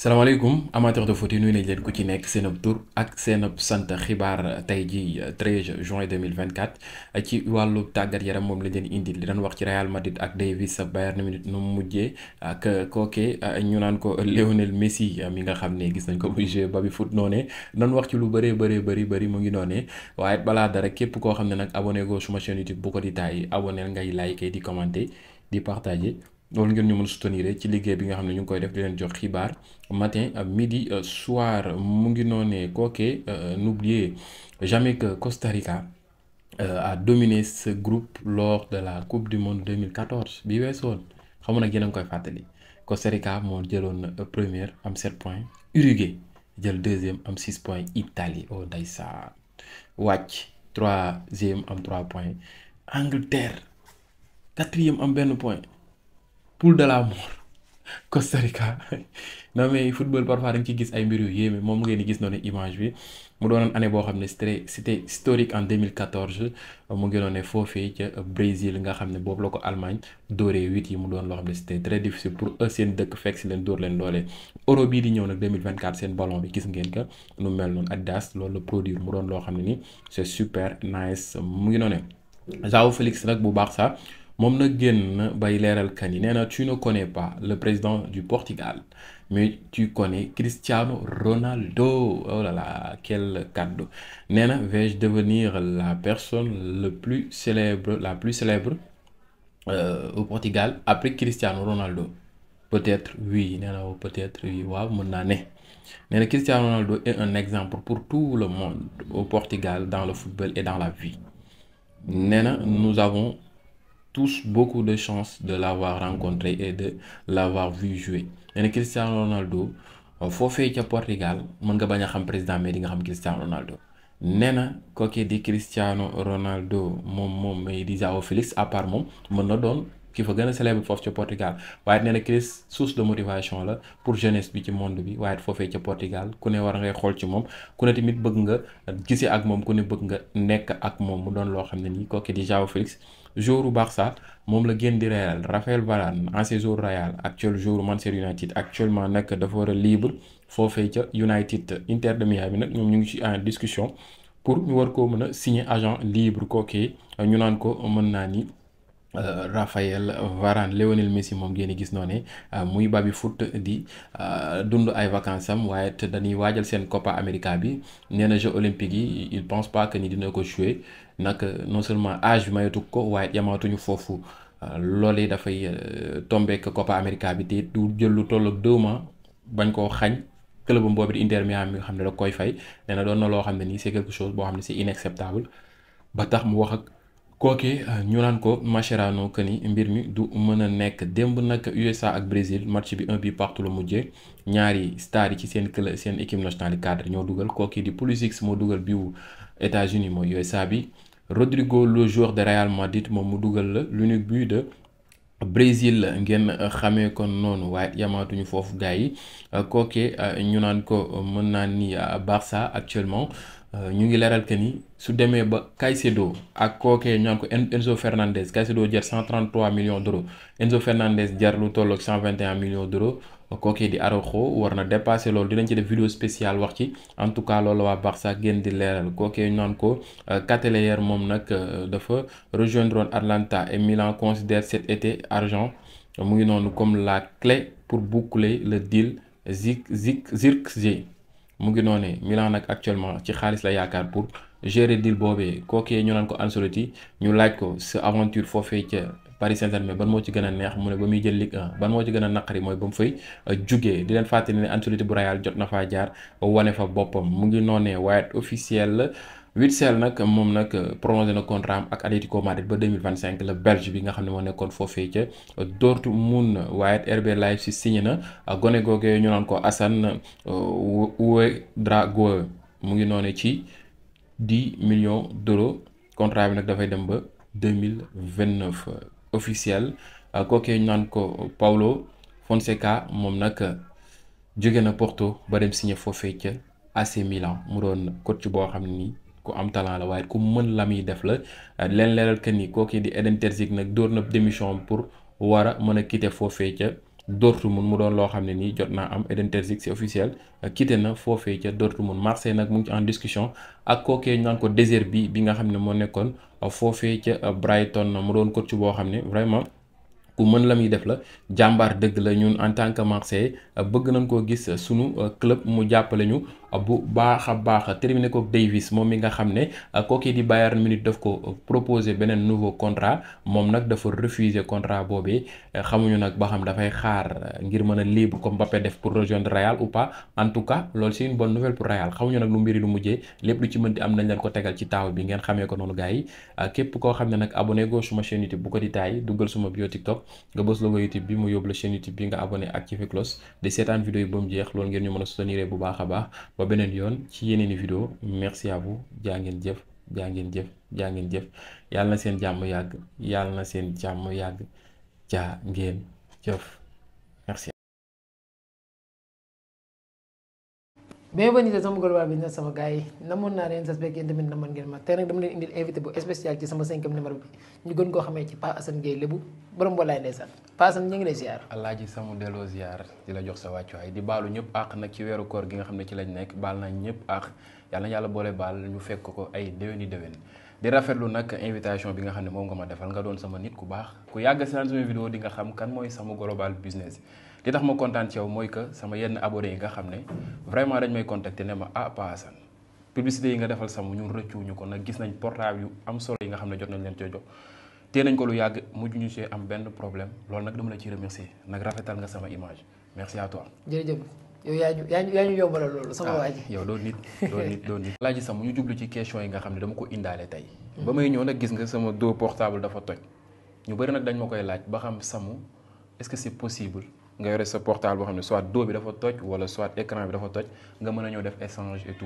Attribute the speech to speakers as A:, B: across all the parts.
A: salaamaaleykum amateur de foot yi nuyu nañ leen ku ci nekk seen ab tur ak seen ab sant xibaar tey jii euh, 13 juin 2024 euh, ci wàllu tàggat yaram moom lañ leen indi li doon wax ci Real Madrid ak Davis Bayern Munich nu mu mujjee ak euh, kooke ñu naan ko Lionel Messi mi nga xam ne gis nañ ko muy jeu ba bi foot noonee doon wax ci lu bëree bëree bëri bëri mu ngi noonee waaye balaa dara képp koo xam ne nag abonné go suma chaîne YouTube bu ko di taay abonné ngay liker di commenter di partager. loolu ngeen ñu mën soutenir ci liggéey bi nga xam ne ñu ngi koy def di leen jox xibaar matin euh, midi euh, soir mu ngi noonee kookee euh, n'oubliez jamais que Costa Rica a dominé ce groupe lors de la coupe du monde 2014 bi weesoon xamu nag yéen a ngi koy fàttali Costa Rica moo jëloon première am 7 points Uruguay jël deuxième am 6 points Italie oh ndeysaan wàcc troisième am 3 points Angleterre quatrième am benn point. poule de la mort Costa Rica non mais football parfois nga ciy gis ay mbir yu yéeme moom ngeen di gis noonu image bi mu doonoon année xam ne c'était historique en 2014 mu ngi doon ne foofee ca Brésil nga xam ne boobu yi mu doon loo xam ne c'était très difficile pour eux seen dëkk fekk si leen dóor leen doole euro bii di ñëw nag seen ballon bi gis ngeen ka nu mel noonu Adidas loolu la produire mu doon loo xam ne ni c'est super nice mu ngi doon ne João Félix nag bu baax sax. moom na génn bay leeral kan yi nee na tu ne connais pas le président du Portugal mais tu connais Cristiano Ronaldo oh là là quel cadeau nee na vais-je devenir la personne le plus célèbre la plus célèbre euh, au Portugal après Cristiano Ronaldo peut-être oui nee na peut-être oui waaw mën naa ne nee na Cristiano Ronaldo est un exemple pour tout le monde au Portugal dans le football et dans la vie nee nous avons tous beaucoup de chance de l'avoir rencontré et de l'avoir vu jouer nee na Cristiano Ronaldo euh, foofee ca Portugal mën nga bañ a xam président mais di nga xam Cristiano Ronaldo nee na kooke di Cristiano Ronaldo moom moom mais di João Félix à part moom mën na doon ki fa gën a célèbre foofu ca Portugal waaye nee na Chris de motivation la pour jeunesse bi ci monde bi waaye foofee ca Portugal ku ne war ngay xool ci moom ku ne tamit bëgg nga gise ak moom ku ne bëgg nga nekk ak moom mu doon loo xam ne nii kooku di João Félix joueur Barça moom la génn di Real Raphaël Varane ancien joueur Real actuel joueur Manchester United actuellement nag dafa war a libre foofee ca United Inter de bi nag ñoom ñu ngi ci en discussion pour war koo mën a signer agent libre kooku ñu naan ko mën naa ni Euh, Raphaël Varane Lionel Messi moom ngeen gis noonu ne euh, muy babi foot di euh, dund ay vacances am waaye it dañuy waajal seen Copa America bi nee na Jeux yi il pense pas que ni dina ko jouer nag non seulement âge bi mayatu ko waaye yamaatuñu foofu loolee dafay tombeek Copa America bi te du jël lu toll ak deux mois bañ koo xañ clubam boobu di Inter Miami mi nga xam ne da koy fay nee doon na loo xam ne nii c'est quelque chose boo xam ne c'est inacceptable ba tax mu wax kooki euh, ñu naan ko Mascherano que ni mbir mi du mën a nekk démb nag USA ak Brésil match bi un but partout la mujjee ñaari star yi ci seen club seen équipe nationale cadre ñoo dugal kooki di Pulisic moo dugal biwu États-Unis mooy USA bi Rodrigo le joueur de Real Madrid moom mu dugal la l'unique but de Brésil ngeen xamee ko noonu waaye yamaatuñu foofu gars yi kooke euh, ñu naan ko mën naa ni euh, Barça actuellement Euh, ñu ngi leeral que ni su demee ba Caicedo ak kookee ñaan ko Enzo Fernandez Caicedo jar 133 millions d'euros Enzo Fernandez jar lu tolloog 121 millions d'euros kookee di Araujo war na dépasé loolu dinañ ci def vidéo spéciale wax ci en tout cas loolu waa Barça gën di leeral kookee ñaan ko euh, Cateleyer moom nag euh, dafa rejoindre woon Atlanta et Milan considère cet été argent mu ngi noonu comme la clé pour boucler le deal Zik Zik Zirkzee. mu ngi noonee Milan nag actuellement ci xaalis la yaakaar pour gérer deal boobee kookee ñu naan ko Ancelotti ñu laaj ko sa aventure foofee ca Paris Saint-Germain ban moo ci gën a neex mu ne ba muy jël Ligue ban moo ci gën a naqari mooy ba mu fay euh, jugee di leen fàttali ne Ancelotti bu Real jot na faa jaar wane fa boppam mu ngi noonee waaye officiel la. Witzel nag moom nag euh, prolongé na contrat am ak Atlético Madrid ba 2025 la Belge bi nga xam ne moo nekkoon foofee ca Dortmund waaye RB Leipzig signé na euh, gone googee ñu naan ko Assane euh, Ouédraogo mu ngi noone ci di millions d'euros contrat bi nag dafay dem ba 2029 officiel kookee ñu naan ko Paulo Fonseca moom nag jóge na Porto ba dem signé foofee ca AC mu doon coach boo xam ne nii ku am talent la waaye ku mën la muy def la euh, leen leeral que nii kooku di Eden Terzic nag dóor na démission pour war a mën a quitter foofee ca mun mu doon loo xam ne nii jot naa am Eden Terzic c'est officiel euh, na foofee ca Dortmund Marseille nag mu ngi en discussion ak kookee ñu naan ko désert bi bi nga xam ne moo nekkoon euh, foofee ca Brighton mu doon coach boo xam ne vraiment ku mën la muy def la jàmbaar dëgg la ñun en tant que Marseille bëgg nañ koo gis sunu club mu jàppale bu baax a baax terminé ko Davis moom mi nga xam ne euh, kooku di Bayern Munich daf ko euh, proposé beneen nouveau contrat moom nag dafa refusé contrat boobee euh, xamuñu nag ba xam dafay xaar ngir mën a libre comme Mbappé def pour rejoindre Real ou pas en tout cas loolu c'est une bonne nouvelle pour Real xamuñu nag lu mbiri lu mujjee lépp lu ci mënti am nañ leen ko tegal ci taaw bi ngeen xamee ko noonu gars yi képp koo xam ne nag abonné suma chaîne YouTube bu ko di taay duggal suma bio TikTok bi nga abonné activé cloche di seetaan jeex loolu ngeen ñu a soutenir bu baax a ba beneen yoon ci yeneen vidéo merci à vous jaa ngeen jëf jaa ngeen jëf jaa ngeen jëf yàlla na seen jàmm yàgg yàlla na seen jàmm yàgg
B: jaa ngeen jëf bienvenue te sama global business sama gars yi namoon naa leen sas beeg yéen tamit namoon ngeen ma tey nag dama leen indil invité bu spécial ci sama cinquième numéro bi ñu gën koo xamee ci Pa Assane Gueye lébu borom walaay ndeysaan Pa Assane ñu ngi lay ziar
A: alaaji sama delloo ziar di la jox sa wàccuwaay di baalu ñëpp àq ci weeru koor gi nga xam ne ci lañ nekk baal na ñëpp àq yàlla yàlla boole baal ñu fekk ko ay déwéni déwén di rafetlu nag invitation bi nga xam ne moom nga ma defal nga doon sama nit ku baax ku yàgg seen na vidéo di nga xam kan mooy sama global business li tax ma kontaan ci yow mooy que sama yenn abonné yi nga xam ne vraiment dañ may contacter ne ma ah Pa Assane publicité yi nga defal sama ñun rëccuwuñu ko nag gis nañ portable yu am solo yi nga xam ne jot nañ leen coo jox tee nañ ko lu yàgg mujj ñu see am benn problème loolu nag dama la ciy remercier nag rafetal nga sama image merci à
B: yaa ñu yaa ñu yombalal loolu sama ah,
A: yow doo nit doo nit doo nit. laaj ñu jublu ci question yi nga xam ne dama ko indaale tey. Mm. ba may ñëw nag gis nga sama dos portable dafa toj ñu bëri nag dañ ma koy laaj ba xam samu est-ce que c'est possible nga yore sa portable boo xam ne soit dos bi dafa toj wala soit écran bi dafa toj nga mën a ñëw def échange et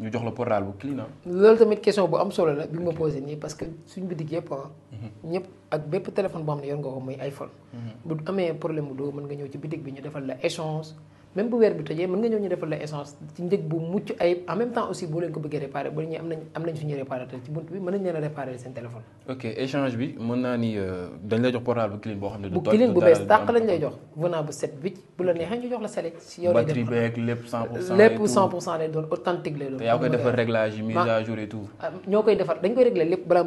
A: ñu jox la portable bu clean ah.
B: loolu tamit question bu am solo la bi ma posé nii parce que suñ bitig yëpp ah. Mhm. ñëpp ak bépp téléphone boo xam ne yor nga ko muy iPhone. Mhm. bu amee problème bu doo mën nga ñëw ci bitig bi ñu defal la échange. même bu weer bi tojee mën nga ñëw ñu defal la essence ci njëg bu mucc ayib en même temps aussi boo leen ko bëggee réparé ba ñu am nañ suñu réparateur ci bunt bi mën nañ leen a seen téléphone.
A: ok échange bi mën naa ni euh, dañ lay jox portable bu clean boo xam ne. bu clean bu bees lay
B: jox venant bu set bi bu la neexee ñu jox la sele. si yow lay def doon authentique lay doon. te yaa koy defar
A: réglage yi mise à jour tout.
B: Ah, ñoo koy defar dañ koy réglé lépp balaa